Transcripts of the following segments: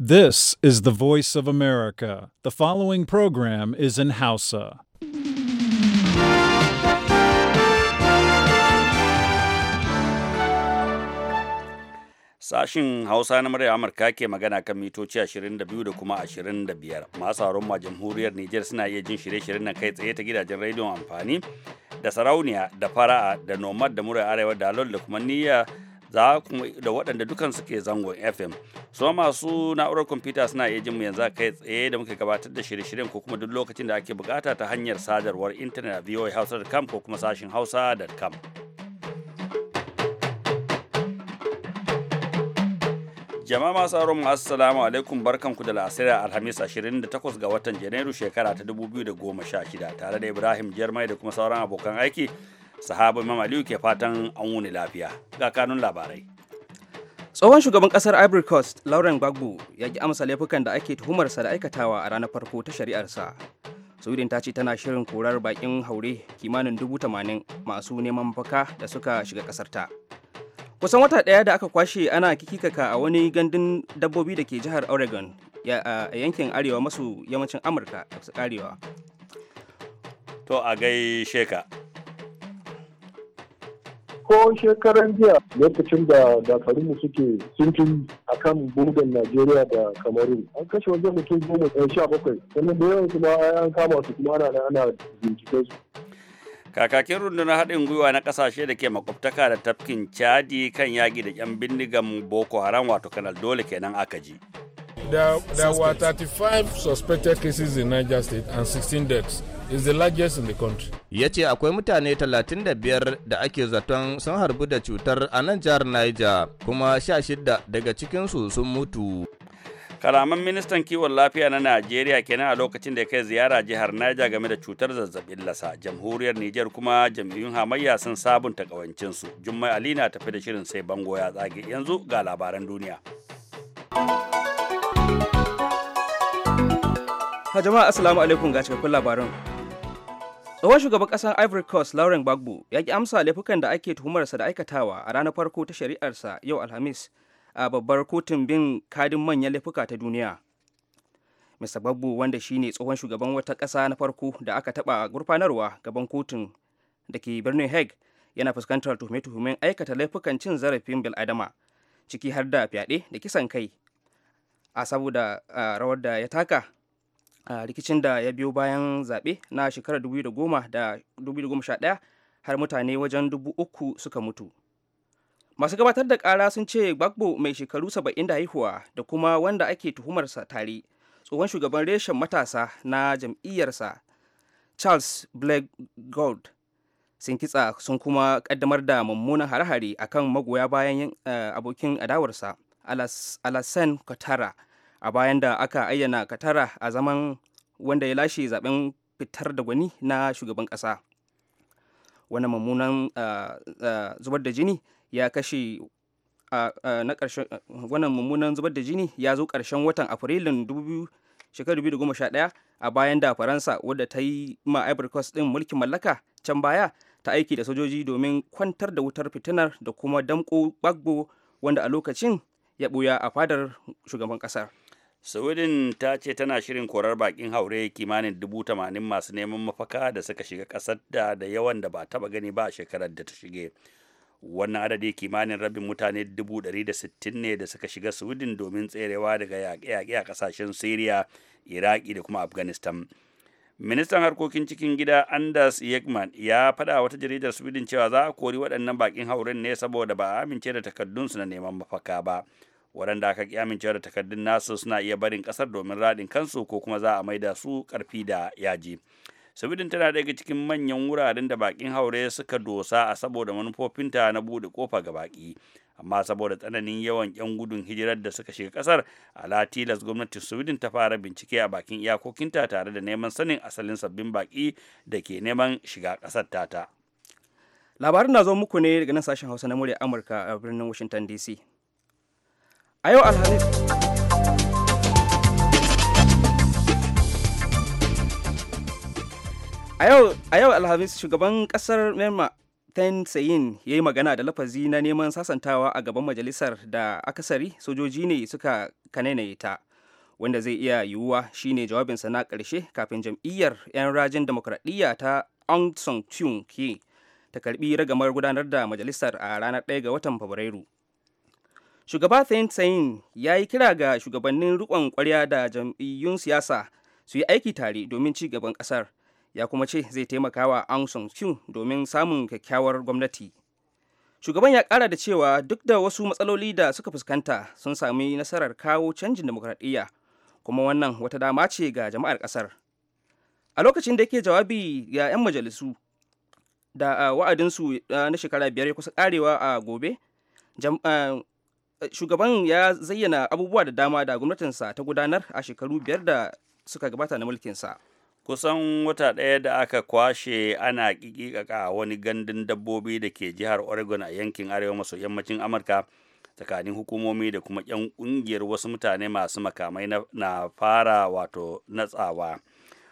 This is the voice of America. The following program is in Hausa. Sashin Hausa na murya Amurka ke magana kan mitoci 22 da kuma 25. Masu haron ma jamhuriyar Nijar suna iya jin shirye-shiryen nan kai tsaye ta gidajen rediyon amfani da sarauniya da fara'a da nomad da murya arewa da alol da kuma niyya za kuma da waɗanda dukan suke zangon fm su masu na'urar kwamfuta suna iya jin mu yanzu kai tsaye da muke gabatar da shirye-shiryen ko kuma duk lokacin da ake bukata ta hanyar sadarwar intanet a hausa.com ko kuma sashin hausa.com jama'a masu auren assalamu alaikum barkanku da la'asirar alhamis 28 ga watan janairu shekara ta 2016 tare da ibrahim jermai da kuma sauran abokan aiki sahabar imam ke fatan an wuni lafiya ga kanun labarai tsohon shugaban kasar ivory coast lauren gbagbo ya ki amsa laifukan da ake tuhumarsa da aikatawa a ranar farko ta shari'arsa sweden ta ce tana shirin korar bakin haure kimanin dubu tamanin masu neman mafaka da suka shiga kasarta kusan wata daya da aka kwashe ana kikikaka a wani gandun dabbobi da ke jihar oregon a yankin arewa maso yammacin amurka da karewa to a gaishe ka ko shekaran jiya lokacin da dakarunmu suke sintiri a kan bugan najeriya da kamarun an kashe wajen mutum goma ɗaya eh, sha bakwai sannan da yawan kuma an kama su kuma ana da ana bincike su kakakin rundunar haɗin gwiwa na ƙasashe da ke makwabtaka da tafkin chadi kan yaƙi da 'yan bindigan boko haram wato kanal dole kenan aka ji There, there were 35 suspected cases in Niger State and 16 deaths. is the largest in the country. Ya ce akwai mutane 35 da ake zaton sun harbu da cutar a nan jihar Niger kuma 16 daga cikinsu sun mutu. Kalaman ministan kiwon lafiya na Najeriya kenan a lokacin da ya kai ziyara jihar Niger game da cutar zazzabin lasa. Jamhuriyar Nijar kuma jam'iyyun hamayya sun sabunta kawancinsu. Jummai Ali na tafi da shirin sai bango ya tsage. Yanzu ga labaran duniya. jama'a assalamu alaikum ga cikakkun labaran tsohon shugaban kasar ivory coast lauren gbagbo ya ki amsa laifukan da ake tuhumarsa da aikatawa a ranar farko ta shari'arsa yau alhamis a babbar kotun bin kadin manyan laifuka ta duniya mr gbagbo wanda shi ne tsohon shugaban wata ƙasa na farko da aka taɓa gurfanarwa gaban kotun da ke birnin hague yana fuskantar tuhume-tuhumen aikata laifukan cin zarafin bil'adama ciki har da fyaɗe da kisan kai a saboda rawar da ya taka a rikicin da ya biyo bayan zaɓe na shekarar 2011 har mutane wajen dubu uku suka mutu masu gabatar da ƙara sun ce gbagbo mai shekaru saba'in da haihuwa da kuma wanda ake tuhumarsa tare tsohon shugaban reshen matasa na jam'iyyarsa charles blake gold sun kitsa sun kuma kaddamar da mummunan hare-hare akan magoya bayan eh, abokin adawarsa alassane katara a bayan da aka ayyana katara a zaman wanda ya lashe zaben fitar da gwani na shugaban kasa wani mummunan zubar da jini ya kashe na wannan mummunan zubar da jini ya zo ƙarshen watan afrilun 2011 a bayan da faransa wadda ta yi ma ivory din mulkin mallaka can baya ta aiki da sojoji domin kwantar da wutar fitinar da kuma damƙo gbagbo wanda a lokacin ya buya a fadar shugaban kasar sweden ta ce tana shirin korar bakin haure kimanin dubu tamanin masu neman mafaka da suka shiga kasar da da yawan da ba taba gani ba a shekarar da ta shige wannan adadi kimanin rabin mutane dubu ɗari da sittin ne da suka shiga sweden domin tserewa daga yaƙe-yaƙe a ƙasashen syria iraki da kuma afghanistan ministan harkokin cikin gida anders yegman ya faɗa wata jaridar sweden cewa za a kori waɗannan bakin hauren ne saboda ba a amince da takardunsu na neman mafaka ba waɗanda aka ƙi amincewa da takardun nasu suna iya barin ƙasar domin raɗin kansu ko kuma za a maida su ƙarfi da yaji sweden tana daga cikin manyan wuraren da bakin haure suka dosa a saboda manufofinta na buɗe kofa ga baki amma saboda tsananin yawan 'yan gudun hijirar da suka shiga kasar ala tilas gwamnatin sweden ta fara bincike a bakin iyakokinta tare da neman sanin asalin sabbin baki da ke neman shiga kasar tata labarin na zo muku ne daga nan sashen hausa na murya amurka a birnin washington dc a yau alhamis a yau alhamis shugaban kasar myanmar ten sayin ya yi magana da lafazi na neman sasantawa a gaban majalisar da akasari sojoji ne suka kananaye ta wanda zai iya yiwuwa shine jawabinsa na ƙarshe kafin jam'iyyar 'yan rajin demokradiyya ta aung san suu kyi ta karbi ragamar gudanar da majalisar a ranar 1 ga watan fabrairu shugaba thein tsayin ya yi kira ga shugabannin rikon kwarya da jam'iyyun siyasa su yi aiki tare domin ci gaban kasar ya kuma ce zai taimaka wa aung san suu domin samun kyakkyawar gwamnati shugaban ya kara da cewa duk da wasu matsaloli da suka fuskanta sun sami nasarar kawo canjin demokradiyya kuma wannan wata dama ce ga jama'ar kasar a lokacin da yake jawabi ga 'yan majalisu da wa'adinsu na shekara biyar ya kusa karewa a gobe shugaban ya zayyana abubuwa da dama da gwamnatinsa ta gudanar a shekaru biyar da suka gabata na mulkinsa. kusan wata ɗaya da aka kwashe ana ƙiƙiƙaƙa wani gandun dabbobi da ke jihar oregon a yankin arewa maso yammacin amurka tsakanin hukumomi da kuma 'yan ƙungiyar wasu mutane masu makamai na fara wato natsawa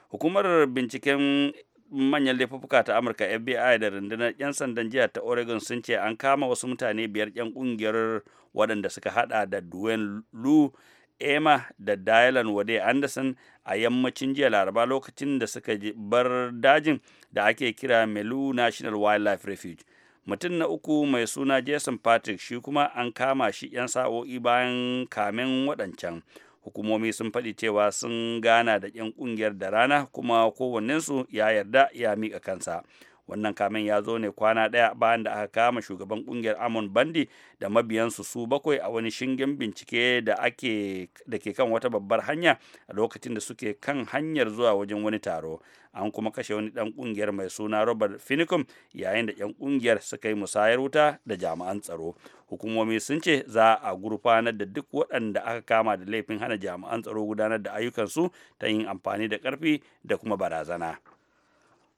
hukumar binciken manyan laifuka ta amurka fbi da rundunar 'yan sandan jihar ta oregon sun ce an kama wasu mutane biyar 'yan kungiyar waɗanda suka hada da duwen lu emma da dylan wade anderson a yammacin jiya laraba lokacin da suka bar dajin da ake kira melu national wildlife refuge mutum na uku mai suna jason patrick shi kuma an kama shi 'yan sa'o'i bayan kamen waɗancan hukumomi sun faɗi cewa sun gana da 'yan ƙungiyar da rana kuma kowannensu ya yarda ya mika kansa wannan kamen ya zo ne kwana ɗaya bayan da aka kama shugaban ƙungiyar amon bandi da mabiyansu su bakwai a wani shingen bincike da ake da ke kan wata babbar hanya a lokacin da suke kan hanyar zuwa wajen wani taro an kuma kashe wani ɗan ƙungiyar mai suna robert finicum yayin da yan ƙungiyar suka yi musayar wuta da jami'an tsaro hukumomi sun ce za a gurfanar da duk waɗanda aka kama da laifin hana jami'an tsaro gudanar da ayyukansu ta yin amfani da ƙarfi da kuma barazana.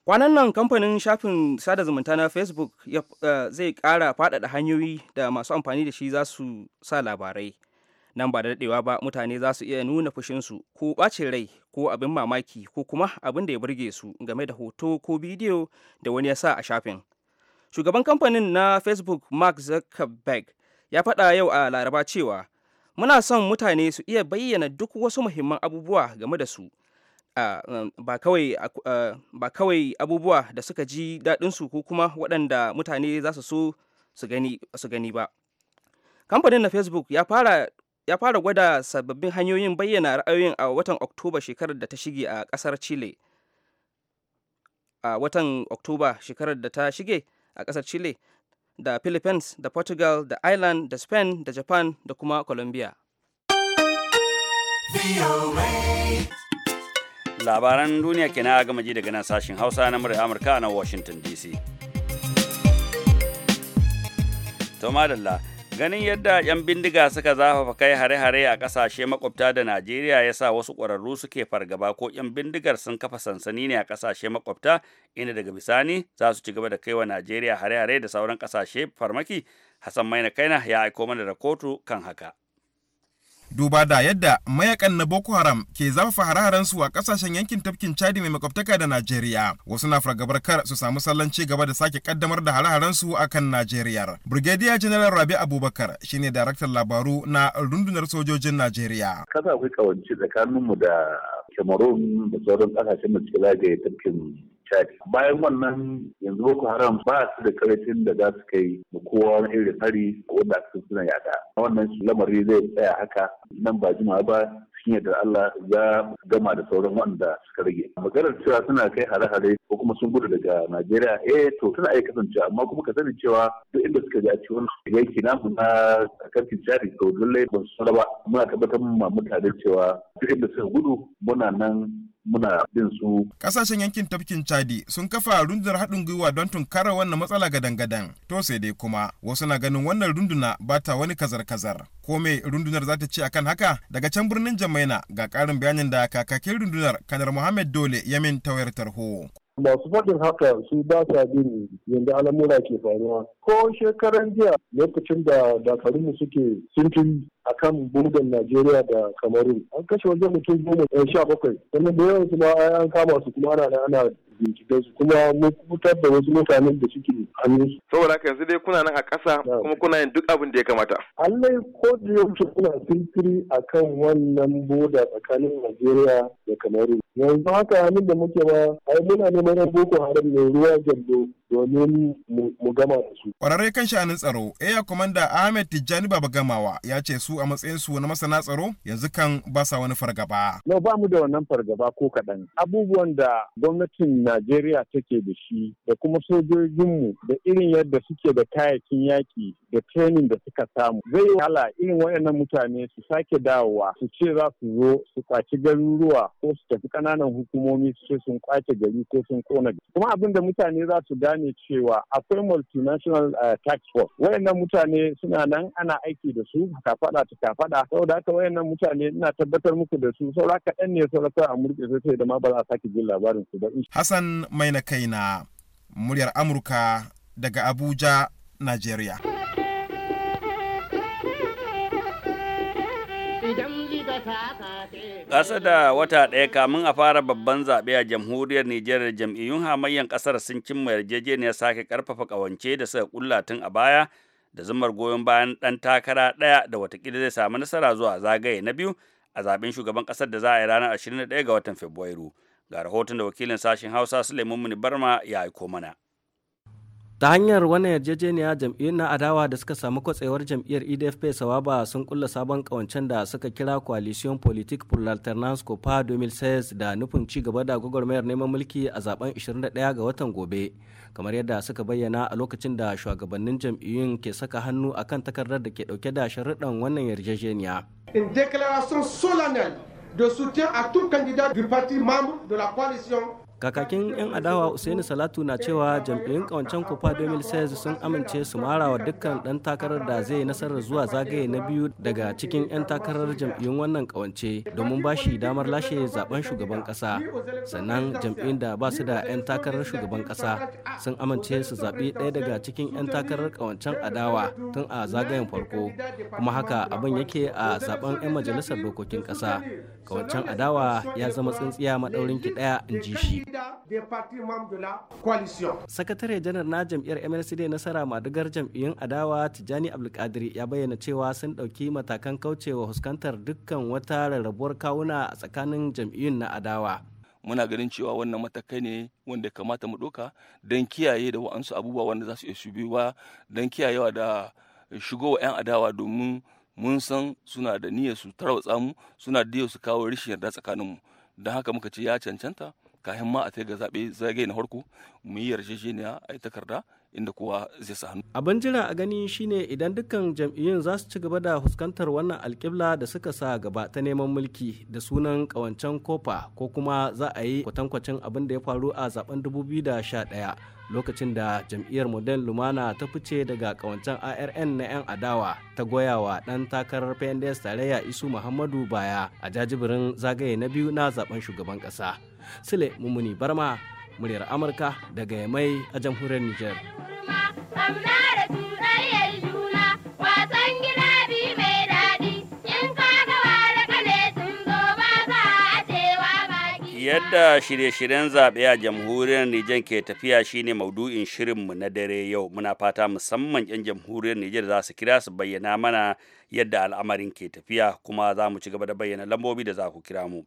kwanan nan kamfanin shafin sada zumunta na facebook eh, zai kara fadada hanyoyi da masu amfani da shi za su sa labarai nan ba da daɗewa ba mutane za su iya nuna fushinsu ko ɓacin rai ko abin mamaki ko kuma abin da ya burge su game da hoto ko bidiyo da wani ya sa a shafin shugaban kamfanin na facebook mark zuckerberg ya faɗa yau a laraba cewa muna son mutane su iya bayyana duk wasu muhimman abubuwa game da su Um, ba kawai abubuwa da suka ji daɗinsu ko kuma waɗanda mutane za su so su gani ba kamfanin na facebook ya fara ya fara gwada sababbin hanyoyin bayyana ra'ayoyin a watan oktoba shekarar da ta shige a ƙasar chile a watan oktoba shekarar da ta shige a ƙasar chile da philippines da portugal da ireland da spain da japan da kuma colombia labaran duniya ke a gama ji daga nan sashen hausa na murya amurka na washington dc to madalla ganin yadda 'yan bindiga suka zafafa kai hare-hare a ƙasashe makwabta da najeriya ya sa wasu ƙwararru suke fargaba ko 'yan bindigar sun kafa sansani ne a ƙasashe makwabta inda daga bisani za su ci gaba da kai wa najeriya hare-hare da sauran ƙasashe farmaki hassan maina kaina ya aiko mana da kotu kan haka duba da yadda mayakan na boko haram ke zafafa hare su a kasashen yankin tafkin chadi mai makwabtaka da najeriya wasu na fargabar kar su samu sallan ci gaba da sake kaddamar da hare su a kan najeriya brigadier general rabi abubakar shine daraktan labaru na rundunar sojojin najeriya kasa akwai kawance tsakaninmu da cameroon da sauran kasashen da suke zagaye tafkin Chad. Bayan wannan yanzu Boko Haram ba su da karfin da za su kai da kowa wani irin hari wanda su suna yada. Wannan lamari zai tsaya haka nan ba jimawa ba cikin yadda Allah za gama da sauran wanda suka rage. Maganar cewa suna kai hare-hare ko kuma sun gudu daga Najeriya eh to tana iya kasancewa amma kuma ka sani cewa duk inda suka ji a cikin yanki namu na karfin jari to lallai ba su ba muna tabbatar ma mutane cewa duk inda suka gudu muna nan muna bin su. Kasashen yankin tafkin Chadi sun kafa rundunar haɗin gwiwa don tunkara wannan matsala gadan-gadan. To sai dai kuma wasu na ganin wannan runduna ba ta wani kazar-kazar. Ko me rundunar za ta ce akan haka? Daga can birnin Jamaina ga ƙarin bayanin da kakakin rundunar Kanar Muhammad Dole Yamin Tawayar Tarho. masu faɗin haka su ba sa bin yadda al'amura ke faruwa ko shekaran jiya lokacin da dakarunmu suke sintiri a kan burgan najeriya da kamarun an kashe wajen mutum goma eh, sha bakwai sannan da yawan su ma an kama su kuma ana binciken su kuma mun kubutar da wasu mutanen da suke hannu su. saboda haka yanzu dai kuna nan a ƙasa kuma kuna yin duk abin da ya kamata. allai ko da yaushe kuna a akan wannan boda tsakanin najeriya da kamaru yanzu haka hannun da muke ba ai muna neman boko haram ne ruwa jambo domin mu gama da su. Kwararre kan sha'anin tsaro, Air Commander Ahmed Tijjani Baba Gamawa ya ce su a matsayinsu na masana tsaro yanzu kan ba sa wani fargaba. No ba mu da wannan fargaba ko kaɗan. Abubuwan da gwamnatin Najeriya take da shi da kuma sojojinmu da irin yadda suke da kayakin yaƙi da training da suka samu zai wahala irin wayannan mutane su sake dawowa su ce za su zo su kwaci garuruwa ko su tafi ƙananan hukumomi su ce sun kwace gari ko sun kona gari kuma abin da mutane za su gane cewa akwai multinational eh, tax force waɗannan mutane suna nan ana aiki da su kafaɗa ta kafaɗa saboda haka wayannan mutane ina tabbatar muku da su saura kaɗan ne saura a murƙe sai da ma ba za a sake jin labarin su ba. Hassan Mai na kaina muryar Amurka daga Abuja, Najeriya. Ƙasa da wata ɗaya kamun a fara babban zaɓe a jamhuriyar Nijar da jam'iyyun hamayyan ƙasar sun cimma yarjejeniyar sake ƙarfafa ƙawance da suka ƙulla tun a baya da zumar goyon bayan ɗan takara ɗaya da watakila zai samu nasara zuwa zagaye na biyu a zaɓen shugaban ƙasar da za a yi ranar 21 ga watan Fabrairu. Ga rahoton da wakilin sashen Hausa Suleiman Barma ya aiko mana. ta hanyar wannan yarjejeniya jam'iyyun na adawa da suka samu kwatsewar jam'iyyar edfp sawaba sun kulla sabon kawancen da suka kira coalition politique pour l'alternance copa 2016 da nufin ci gaba da gwagwarmayar neman mulki a zaben 21 ga watan gobe kamar yadda suka bayyana a lokacin da shugabannin jam'iyyun ke saka hannu a kan takardar da ke dauke da sharuɗan wannan yarjejeniya in declaration solennelle de soutien à tout candidat du parti membre la coalition kakakin 'yan adawa usaini salatu na cewa jam'iyyun kawancen Kofa 2016 sun amince su mara wa dukkan dan takarar da zai nasarar zuwa zagaye na biyu daga cikin 'yan takarar jam'iyyun wannan kawance domin ba shi damar lashe zaben shugaban kasa sannan jam'iyyun da ba su da 'yan takarar shugaban kasa sun amince su zaɓi ɗaya daga cikin 'yan takarar kawancen adawa tun a zagayen farko kuma haka abin yake a zaben 'yan majalisar dokokin kasa kawancen adawa ya zama tsintsiya madaurin ki ɗaya in ji shi leader des partis membres de la coalition. Sakatare janar na jam'iyyar MLC nasara madugar jam'iyyun adawa Tijjani Abdulkadir ya bayyana cewa sun ɗauki matakan kaucewa fuskantar dukkan wata rarrabuwar kawuna a tsakanin jam'iyyun na adawa. muna ganin cewa wannan matakai ne wanda kamata mu ɗauka don kiyaye da wa'ansu abubuwa wanda za su iya shubewa ba don kiyayewa da shigowa 'yan adawa domin mun san suna da niyyar su tarwatsa mu suna da su kawo rashin yarda tsakaninmu don haka muka ce ya cancanta kafin ma a ta ga zaɓe zagaye na farko mu yi yarjejeniya a yi takarda inda kowa zai sa hannu. Abin jira a gani shine idan dukkan jam'iyyun za su ci gaba da fuskantar wannan alƙibla da suka sa gaba ta neman mulki da sunan kawancen kofa ko kuma za a yi kwatankwacin abin da ya faru a zaben 2011 lokacin da jam'iyyar model lumana ta fice daga kawancen arn na 'yan adawa ta goya wa ɗan takarar pnds tarayya isu muhammadu baya a jajibirin zagaye na biyu na zaben shugaban ƙasa sule mummuni barma muryar amurka daga mai a jamhuriyar niger Yadda shirye-shiryen zaɓe a jamhuriyar Nijar ke tafiya shine maudu'in shirinmu na dare yau. Muna fata musamman 'yan jamhuriyar Nijar za su kira su bayyana mana yadda al'amarin ke tafiya kuma za mu ci gaba da bayyana lambobi da za ku kira mu.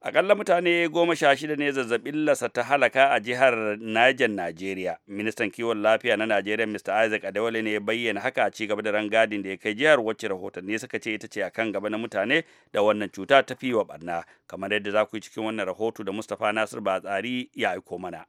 Akalla mutane goma sha shida ne zazzabin lasa ta halaka a jihar Niger, Najeriya. Ministan kiwon lafiya na Najeriya Mr. Isaac Adewale ne ya bayyana haka a ci gaba da rangadin da ya kai jihar wacce rahotanni suka ce ita ce a kan gaba na mutane da wannan cuta ta fi wa barna. Kamar yadda za ku yi cikin wannan rahoto da Mustapha Nasir tsari ya aiko mana.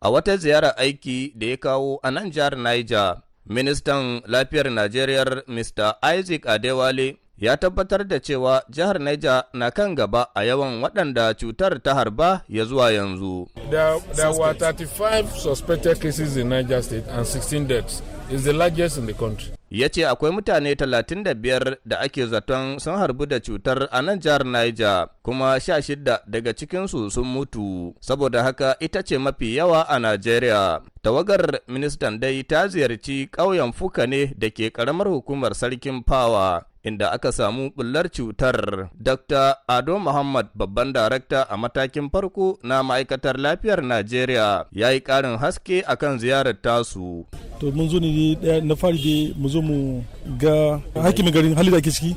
A wata ziyara aiki da ya kawo a nan jihar Niger, Ministan Lafiyar Najeriya Mr. Isaac Adewale ya tabbatar da cewa jihar Niger na kan gaba a yawan waɗanda cutar ta harba ya zuwa yanzu. There, were 35 suspected cases in Niger state and 16 deaths. is the largest in the country. Ya ce akwai mutane 35 da ake zaton sun harbu da cutar a nan jihar Niger, kuma 16 daga cikinsu sun mutu, saboda haka ita ce mafi yawa a Najeriya. Tawagar ministan dai ta ziyarci ƙauyen Fuka ne da ke ƙaramar hukumar Sarkin Fawa. inda aka samu bullar cutar. Dr. Ado Muhammad babban darakta a matakin farko na ma'aikatar lafiyar Najeriya ya yi ƙarin haske akan ziyarar tasu. To mun zo ne na fari dai mu zo mu ga hakimin garin hali da ke ciki,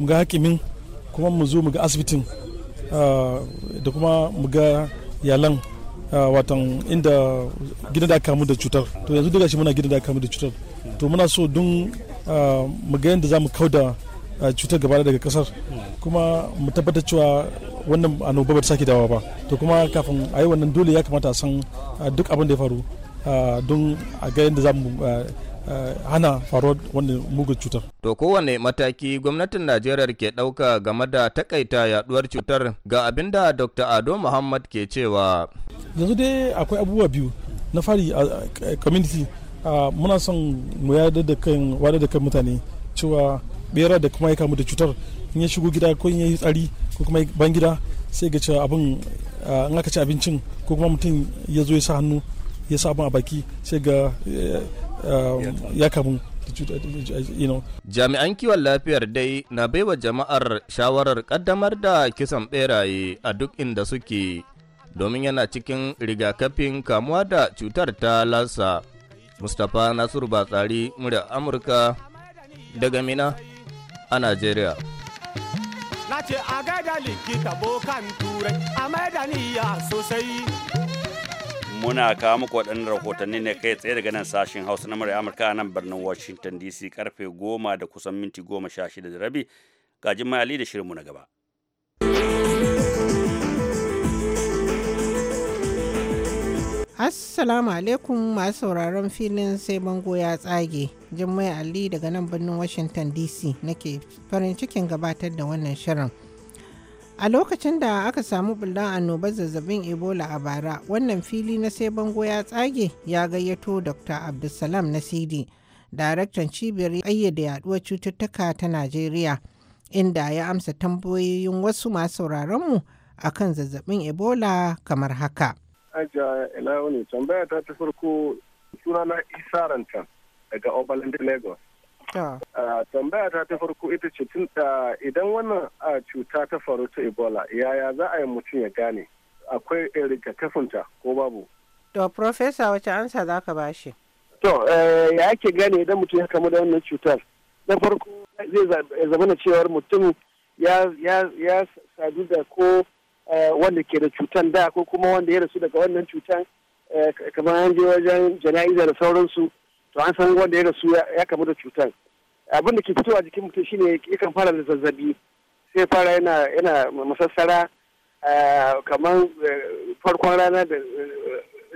mu ga hakimin kuma mu zo mu ga asibitin ah, da kuma mu ga yalan ah, watan inda gidan da kamu da cutar to yanzu daga shi muna gidan da kamu da cutar to muna so don ah, mu ga yadda za mu kauda cutar gaba daga kasar kuma mu tabbatar cewa wannan annoba ba ta sake dawa ba to kuma kafin a yi wannan dole ya kamata san duk abin da ya faru don a ga yadda za mu hana faruwar wannan mugun cutar. To kowane mataki gwamnatin Najeriya ke ɗauka game da takaita yaduwar cutar ga abin da Dr. Ado Muhammad ke cewa. Yanzu dai akwai abubuwa biyu na fari a community muna son mu yada da kan wada da kan mutane cewa bera da kuma ya kamu da cutar in ya shigo gida ko in ya yi tsari ko kuma ban gida sai ga cewa abin ah, in aka ci abincin ko kuma mutum ya zo ya sa hannu ya sa abin a baki sai ga eh, ah, ya kamu Jami'an kiwon lafiyar dai na baiwa jama'ar shawarar kaddamar da kisan beraye a duk inda suke domin yana cikin rigakafin kamuwa da cutar ta lasa. Mustapha Nasiru Batsari, murya Amurka daga Mina. a Najeriya. Na ce a gaida likita bokan turai a maidaniya sosai. Muna kawo muku waɗannan rahotanni ne kai tsaye daga nan sashen Hausa na murya Amurka a nan birnin Washington DC karfe goma da kusan minti goma sha shida da rabi. Gajin Ali da shirinmu na gaba. Assalamu alaikum masu sauraron filin sai bango ya tsage. Jummai Ali daga nan birnin Washington DC nake farin cikin gabatar da wannan shirin. A lokacin da aka samu bulla annobar zazzabin Ebola a bara, wannan fili na sai bango ya tsage ya gayyato Dr. Abdulsalam Nasidi, daraktan cibiyar ayyada yaduwar cututtuka ta Najeriya, inda ya amsa tambayoyin wasu masu sauraronmu akan zazzabin Ebola kamar haka. aja ina wani tambaya ta ta farko sunana isa ranta daga de lagos ah. Ah, tambaya ta ta farko ita ce tun da ah, idan wannan cuta ta faru ta ebola yaya za a yi mutum ya gane akwai rigakafinta ko babu to profesa wace ansa za ka bashi to eh, ya ake gane idan mutum ya kamu da wannan cutar na farko zai zama na cewar mutum ya sadu da ko Eh, wanda ke da cutan da ko kuma wanda ya rasu daga wannan cutan eh, kamar an je wajen jana'iza da sauransu to an san wanda ya rasu ya kamu da cutan abin da ke fitowa jikin mutum shine yakan fara da zazzabi sai fara yana yana masassara eh, kamar farkon rana da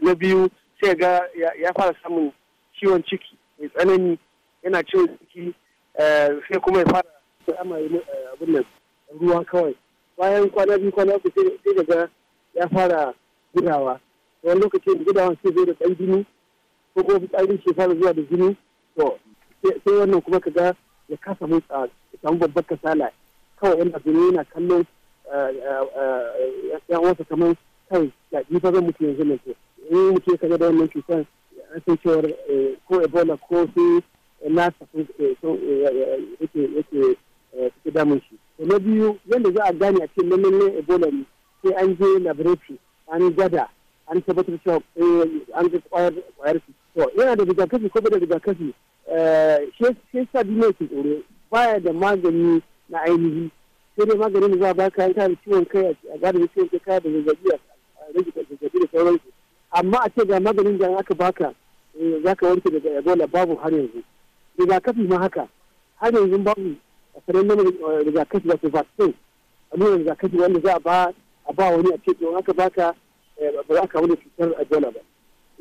na biyu sai ga ya fara samun ciwon ciki mai tsanani yana ciwon ciki sai kuma ya fara abin nan ruwa kawai bayan kwana biyu kwana uku sai daga ya fara gudawa wani lokacin gudawa sai zai da ɗan jini ko kuma fitsarin shi fara zuwa da jini to sai wannan kuma kaga ya kasa motsa ya samu babbar kasala kawai yana zuni yana kallon eh, eh, eh, ya wasa kamar kai ya ji fa zan mutu yanzu nan to ni mutu kaga da wannan cutar an san cewar ko ebola ko sai nasa yake yake damun shi na biyu yadda za a gane a cikin lalle ebola ne sai an je laboratory an gada an tabbatar cewa eh, an ga kwayar su to yana da rigakafi ko da rigakafi eh, shi sa bi ne ke tsoro baya da magani na ainihi sai dai maganin da za a baka an kare ciwon kai a gada da ciwon kai kaya da zazzabi a rage zazzabi da sauransu amma a ce ga maganin da aka baka eh, za ka warke daga ebola babu har yanzu rigakafi ma haka har yanzu babu sanar mana eh, rigakafi wato vaccine a nuna rigakafi wanda za a ba wani a ce don haka baka eh, ba za ka wani cutar ajiyana ba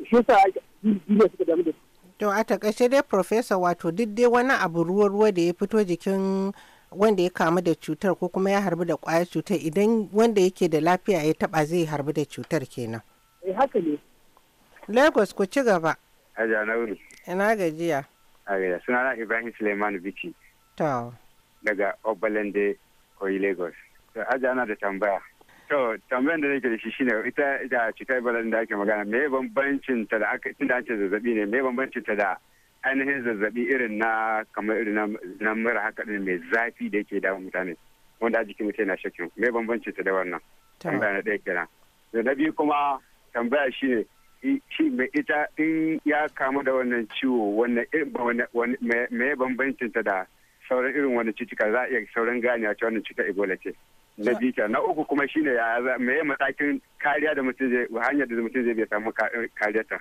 shi yasa duniya suka damu da to a takaice dai professor wato duk dai wani abu ruwa ruwa da ya fito jikin wanda ya kamu da cutar ko kuma ya harbi da kwayar cutar idan wanda yake da lafiya ya taba zai harbi da cutar kenan eh haka ne lagos ku ci gaba a janauri ina gajiya a gajiya suna ibrahim suleiman bici to daga obalende koyi lagos to aji ana da tambaya to tambayan da nake da shi shine ita da cutar ebola da ake magana me bambancin ta da aka tun da ake zazzabi ne me bambancin ta da ainihin zazzabi irin na kamar irin na mura haka din mai zafi da yake damun mutane wanda a jikin mutum yana shakin me bambancin ta da wannan tambaya na ɗaya kenan da na biyu kuma tambaya shine shi mai ita in ya kamu da wannan ciwo wannan me bambancin ta da sauran irin wani cutuka za a iya sauran gane a wannan cutar ebola ce na jita na uku kuma shine ya me matakin kariya da mutum zai hanyar da mutum zai bai samu eh, kariya ta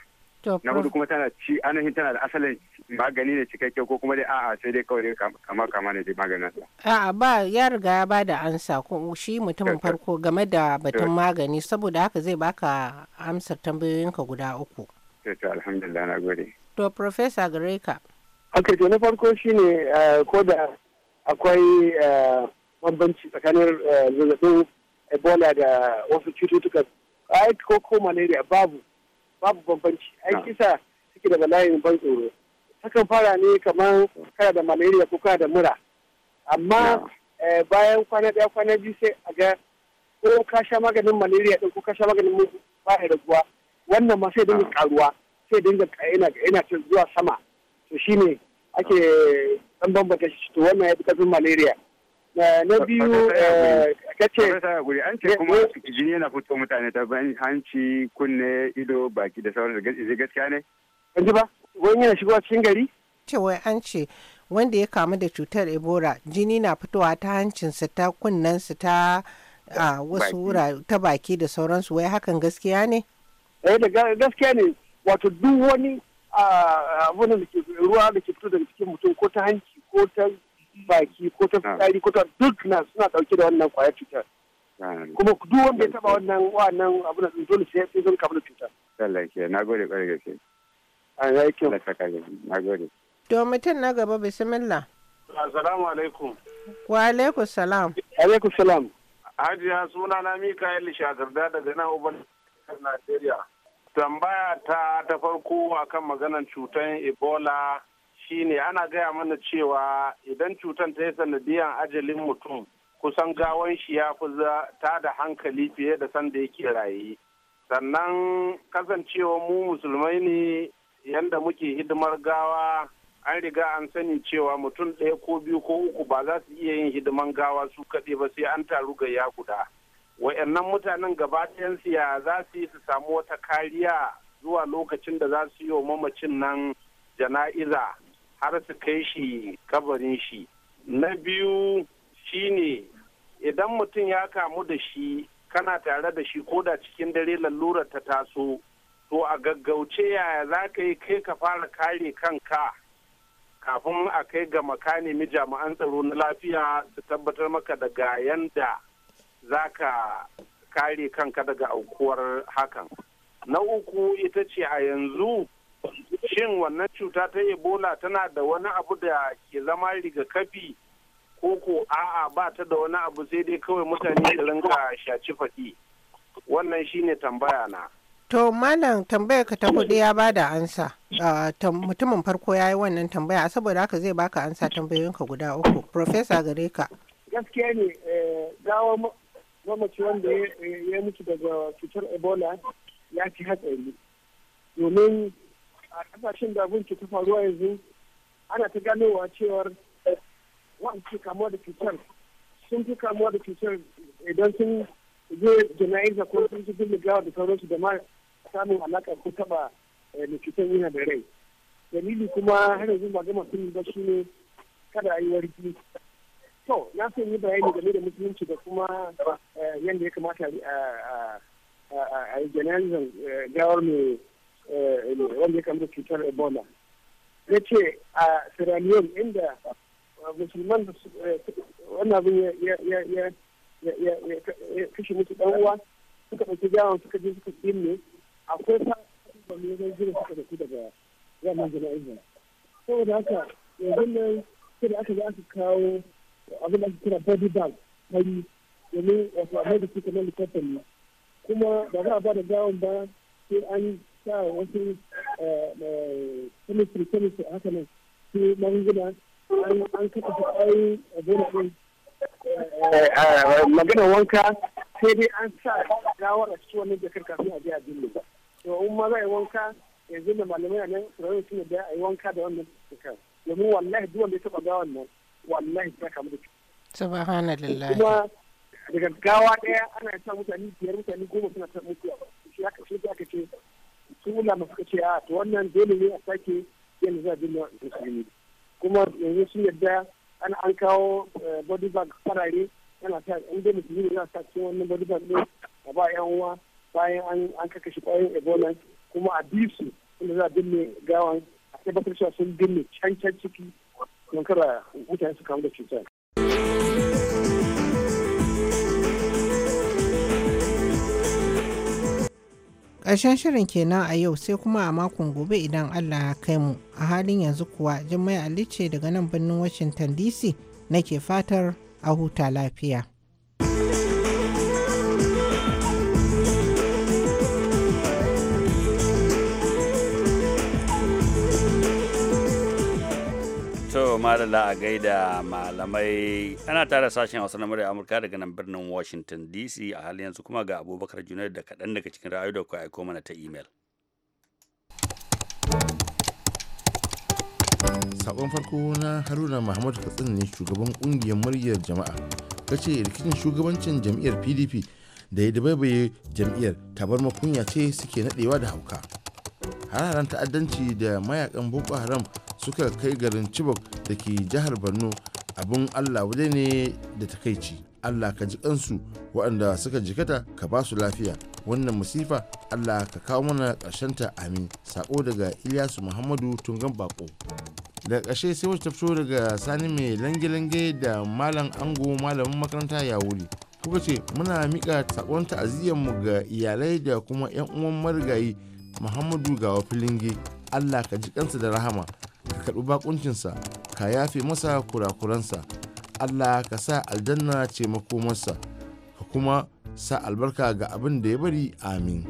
na hudu kuma tana ci ainihin tana da asalin magani ne cikakke ko kuma dai a'a sai dai kawai kama kama ne dai maganin a'a ba ya riga ya bada ansa ko shi mutumin farko game da batun magani saboda haka zai baka amsar tambayoyinka guda uku to alhamdulillah na gode to professor gareka. ok to na farko shine eh, ko da akwai eh, bambanci tsakanin eh, zazzabin ebola da wasu cututtuka ai ko ko malaria babu babu bambanci ai kisa suke da bala'in ban tsoro takan fara ne kamar kara da malaria ko kana da mura amma bayan kwana daya kwana biyu sai a ga ko ka sha maganin malaria din ko ka sha maganin mura ba ya raguwa wannan ma sai dinga karuwa sai dinga yana yana zuwa sama to ne ake dan bambanta shi to wannan ya fi karfin malaria na biyu eh, kace an ce kuma jini yana fito mutane ta hanci kunne ido baki da sauran da gaskiya ne an ji ba wani yana shigowa cikin gari wai an ce wanda ya kamu da cutar ebola jini na fitowa ta hancinsa ta kunnensa ta wasu wura ta baki da sauransu wai hakan gaskiya ne eh da gaskiya ne wato duk wani abin da ke ruwa da ke fito daga cikin mutum ko ta hanci ko ta baki ko ta fitsari ko ta duk na suna dauke da wannan kwayar cutar kuma duk wanda ya taba wannan wannan abin da dole sai sai zan kafa cutar lallai na gode kwarai gaske a yakin na gode to mutum na gaba bismillah assalamu alaikum wa alaikum salam alaikum salam hajiya suna na yalli shagarda daga nan uban najeriya tambaya ta ta farko akan maganar cutar ebola shine ana gaya mana cewa idan cutar ta yi sanadiyar ajalin mutum kusan gawan shi ya fi ta da hankali fiye da sanda yake raye sannan kasancewa mu musulmai ne yadda muke hidimar gawa an riga an sani cewa mutum ɗaya ko biyu ko uku ba za su iya yin hidiman gawa su kaɗai ba sai an taru ga ya guda wayannan mutanen gaba ɗayansu ya za su yi su samu wata kariya zuwa lokacin da za su yi wa mamacin nan jana'iza har su kai shi kabarin shi na biyu shine idan mutum ya kamu da shi kana tare da shi ko da cikin dare lalurar ta taso to a gaggauce yaya za ka yi kai ka fara kare kanka kafin a kai ga makanimi jami'an tsaro na lafiya su tabbatar maka daga yanda za ka kare kanka daga aukuwar hakan na uku ita ce a yanzu shin wannan cuta ta ebola tana da wani abu da ke zama rigakafi ko ko a'a ba ta da wani abu sai dai kawai mutane da rinka shaci faɗi wannan shine tambaya na to malam tambayar ka ta kuɗi ya ba da ansa mutumin farko ya yi wannan tambaya saboda haka zai baka ansa tambayoyinka guda uku profesa gare ka gaskiya ne eh, gawa mamaci wanda ya mutu daga cutar ebola ya ci hatsari domin a kasashen da abinci ke ta faruwa yanzu ana ta ganowa cewar wani ke kamuwa da cutar sun fi kamuwa da cutar idan sun je jana'iza ko sun fi bin gawa da sauransu da ma samun alaƙa ko taɓa da eh, cutar yana da rai dalili kuma har yanzu ba gama sun ba shi ne kada a yi warki To, na son yi bayani game da musulunci da kuma eh, yadda ya kamata a yi janalizan eh, gawar eh, mai wanda ya kamata cutar Ebola. Ya ce a Sierra Leone inda musulman da wannan abin ya kashe musu ɗan uwa suka ɗauki gawar suka je suka binne akwai fa ba mu yanzu jiran suka tafi daga wannan jana'izan. Saboda haka yanzu nan sai da aka za su kawo abin da ake kira body bag fari domin wato a mai da su kamar likafin ne kuma ba za a ba da gawon ba sai an sa wasu chemistry chemistry haka nan su magunguna an kafa su ayi a gona ɗin magana wanka sai dai an sa gawar a cikin wani jakar kafin a je a binne to in ma za a yi wanka yanzu da malamai a nan su rayu suna da a yi wanka da wannan jakar domin wallahi duk wanda ya taɓa gawan nan wallahi ta kamar da cuta. Subhanallah. Kuma da gaggawa daya ana sa mutane biyar mutane goma suna ta mutuwa Shi aka shi aka ce su ulama suka ce a ah, to wannan dole ne a sake yanzu za a dinga musulmi. Kuma yanzu sun yadda ana an kawo eh, body bag farare ana sa in dai musulmi ne za a sa cikin wannan body bag ne a ba yan uwa bayan an kakashe ƙwayoyin ebola kuma a bisu inda za a binne gawan a tabbatar cewa sun binne can can ciki don mutane su kamu da cutar. Ƙarshen shirin kenan a yau sai kuma a makon gobe idan Allah ya kai mu. A halin yanzu kuwa jin mai ce daga nan birnin Washington DC nake fatar a huta lafiya. madalla a gaida malamai ana tara sashen hausa na murya amurka daga nan birnin washington dc a halin yanzu kuma ga abubakar junaid da kaɗan daga cikin ra'ayoyi da kwaya aiko mana ta email sabon farko na haruna mahmud Katsin ne shugaban kungiyar muryar jama'a ta ce rikicin shugabancin jam'iyyar pdp da ya dabaibaye jam'iyyar tabar makunya ce suke nadewa da hauka hararen ta'addanci da mayakan boko haram suka kai garin chibok da ke jihar borno abin allah waje ne da takaici allah ka ji kansu waɗanda suka jikata ka ba su lafiya wannan musifa allah ka kawo mana ƙarshen ta amin sako daga ilyasu muhammadu tungan bako daga ƙarshe sai wacce fito daga sani mai lange-lange da malam ango malamin makaranta ya wuri kuka ce muna miƙa sakon mu ga iyalai da kuma 'yan uwan marigayi muhammadu gawa filinge allah ka ji kansa da rahama ka karɓi bakuncinsa ka yafe masa kurakuransa allah ka sa aljanna ce makomarsa ka kuma sa albarka ga abin da ya bari amin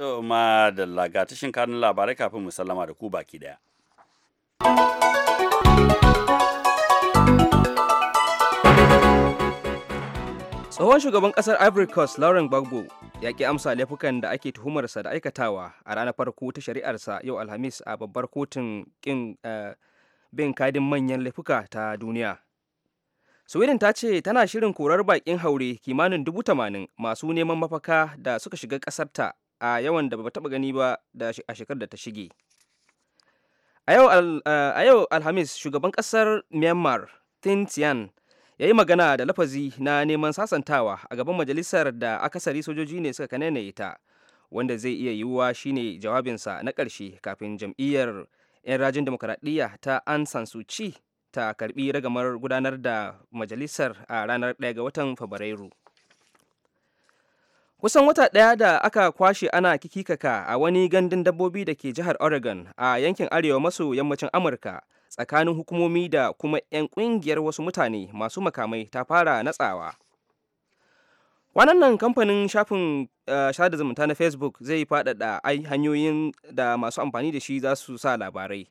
to ma da lagatashin kanun labarai kafin mu sallama da ku baki daya tsohon shugaban kasar ivory coast lauren gbagbo ya ki amsa laifukan da ake tuhumarsa da aikatawa a ranar farko ta shari'arsa yau alhamis a babbar kotun kin eh, bin kadin manyan laifuka ta duniya sweden ta ce tana shirin korar bakin haure kimanin dubu tamanin masu neman mafaka da suka shiga kasarta a yawan da ba taba gani ba a shekarar da ta shige a yau eh, alhamis shugaban kasar myanmar tin ya yi magana da lafazi na neman sasantawa a gaban majalisar da akasari sojoji ne suka kanene ita wanda zai iya yiwuwa shine jawabinsa na ƙarshe kafin jam'iyyar 'yan rajin demokaradiyya ta an sansuci ta karbi ragamar gudanar da majalisar a ranar 1 ga watan fabrairu kusan wata ɗaya da aka kwashe ana kikikaka a wani gandun dabbobi da ke jihar oregon a yankin arewa maso yammacin amurka tsakanin hukumomi da kuma 'yan kungiyar wasu mutane masu makamai ta fara natsawa wannan kamfanin shafin eh, sada zumunta na facebook zai faɗaɗa hanyoyin da masu amfani da shi za su sa labarai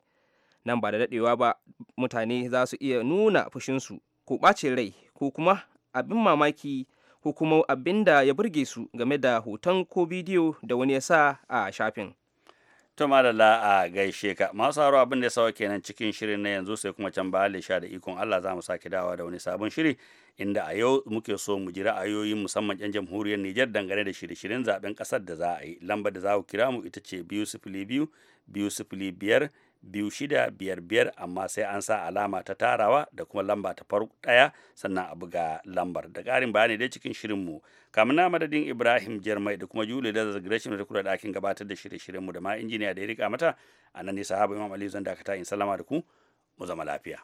nan ba da daɗewa ba mutane za su iya nuna fushinsu ko ɓace rai ko kuma abin mamaki ko kuma abin da ya burge su game da hoton ko bidiyo da wani ya sa a shafin to madalla a gaishe ka masu haro abin da ya sawa kenan cikin shirin na yanzu sai kuma can bayan sha da ikon Allah za mu sake dawa da wani sabon shiri inda a yau muke so mu ji ra'ayoyin musamman yan jamhuriyar Nijar dangane da shirye-shiryen zaben kasar da za a yi lambar da za ku kira mu ita ce biyu sifili biyu biyu sifili biyar biyu shida biyar biyar amma sai an sa alama ta tarawa da kuma lamba ta farko ɗaya sannan a buga lambar da ƙarin bayani dai cikin shirinmu kamun na madadin ibrahim jermai da kuma juli da zagreshin da kula da gabatar da shirye-shiryenmu da ma injiniya da ya rika mata a nan ne sahaba imam ali zan dakata in salama da ku mu zama lafiya